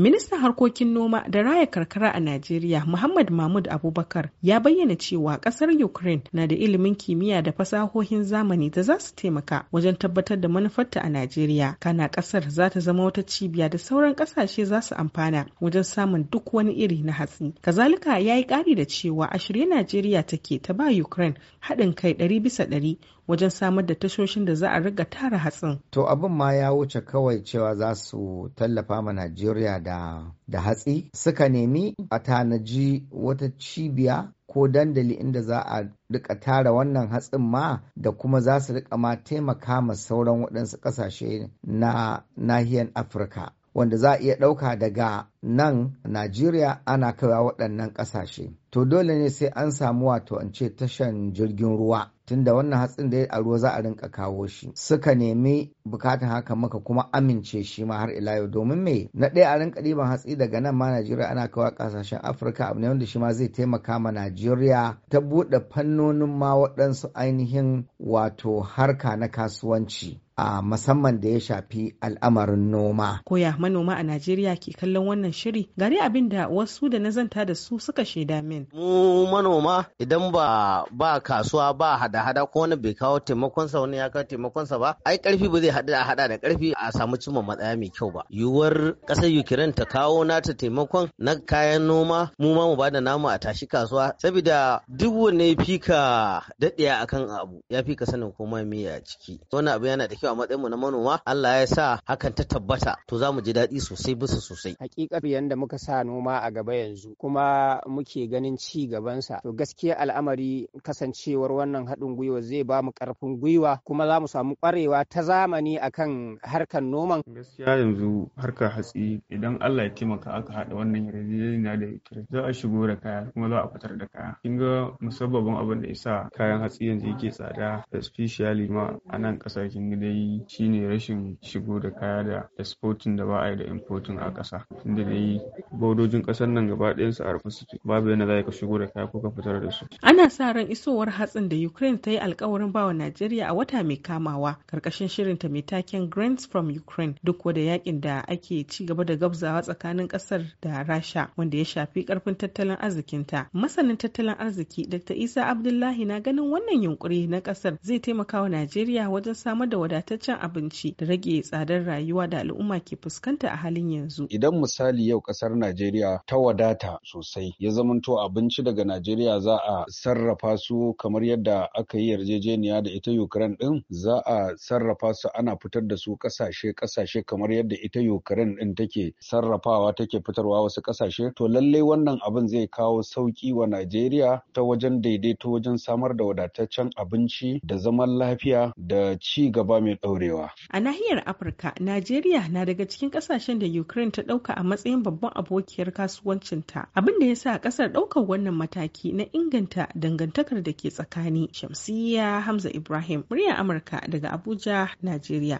Ministan harkokin noma da raya karkara a Najeriya Muhammad Mahmud Abubakar ya bayyana cewa kasar Ukraine na da ilimin kimiyya da fasahohin zamani da za su taimaka wajen tabbatar da manufarta a Najeriya. Kana kasar za ta zama wata cibiya da sauran kasashe za su amfana wajen samun duk wani iri na hatsi. Kazalika ya yi ƙari da cewa a shirye Najeriya take ta ba Ukraine haɗin kai ɗari bisa ɗari wajen samar da tashoshin da za a riga tara hatsin. To abin ma ya wuce kawai cewa za su tallafa ma Najeriya da da hatsi suka nemi a tanaji wata cibiya ko dandali inda za a rika tara wannan hatsin ma da kuma za su rika ma taimaka ma sauran waɗansu ƙasashe na nahiyar Afirka. wanda za a iya ɗauka daga nan Najeriya ana kaiwa waɗannan ƙasashe. To dole ne sai an samu wato an ce tashan jirgin ruwa tunda wannan hatsin da a ruwa za a rinka kawo shi. Suka nemi bukatan haka maka kuma amince shi ma har ila yau domin me na ɗaya a rinka ɗiban hatsi daga nan ma Najeriya ana kawo ƙasashen Afirka abu ne wanda shi ma zai taimaka ma Najeriya ta buɗe fannonin ma waɗansu ainihin wato harka na kasuwanci. a musamman da ya shafi al'amarin noma. Koya manoma a Najeriya ke kallon wannan shiri gari abin da wasu da na zanta da su suka shaida min. Mu manoma idan ba ba kasuwa ba hada-hada ko wani bai kawo taimakon sa wani ya kawo taimakon sa ba ai karfi ba zai hada hada da karfi a samu cimma matsaya mai kyau ba. Yuwar kasar Ukraine ta kawo nata taimakon na kayan noma mu ma mu bada namu a tashi kasuwa saboda duk wanne fika daɗiya akan abu ya fika sanin komai me a ciki. Wannan abu yana da kyau a matsayin na manoma Allah ya sa hakan ta tabbata to za mu ji daɗi sosai bisa sosai hakikar yadda muka sa noma a gaba yanzu kuma muke ganin ci gabansa to gaskiya al'amari kasancewar wannan haɗin gwiwa zai ba mu ƙarfin gwiwa kuma za mu samu ƙwarewa ta zamani akan harkar noman gaskiya yanzu harkar hatsi idan Allah ya taimaka aka haɗa wannan yarjejeniya da Ukraine za a shigo da kaya kuma za a fitar da kaya kin ga musabbabin abin da yasa kayan hatsi yanzu yake tsada especially ma a nan ƙasashen gidan yi shine rashin shigo da kaya da exporting da ba a yi da importing a ƙasa inda yi bodojin ƙasar nan gaba ɗayan su a rufe suke babu yana za ka shigo da kaya ko ka fitar da su ana sa ran isowar hatsin da Ukraine ta yi alkawarin bawa Najeriya a wata mai kamawa karkashin shirin ta mai taken Grants from Ukraine duk wada yakin da ake ci gaba da gabzawa tsakanin kasar da Rasha wanda ya shafi karfin tattalin arzikinta masanin tattalin arziki Dr. Isa Abdullahi na ganin wannan yunkuri na ƙasar zai taimaka wa Najeriya wajen samar da wadatar wadataccen abinci da rage tsadar rayuwa da al'umma ke fuskanta a halin yanzu. Idan misali yau kasar Najeriya ta wadata sosai ya zamanto abinci daga Najeriya za a sarrafa su kamar yadda aka yi yarjejeniya da ita Ukraine din za a sarrafa su ana fitar da su kasashe kasashe kamar yadda ita Ukraine din take sarrafawa take fitarwa wasu kasashe to lallai wannan abin zai kawo sauki wa Najeriya ta wajen daidaito wajen samar da wadataccen abinci da zaman lafiya da ci gaba mai mai ɗaurewa. A nahiyar Afirka, Najeriya na daga cikin ƙasashen da Ukraine ta ɗauka a matsayin babban abokiyar kasuwancinta. Abin da ya sa ƙasar ɗaukar wannan mataki na inganta dangantakar da ke tsakani. Shamsiyya Hamza Ibrahim, muryar Amurka daga Abuja, Najeriya.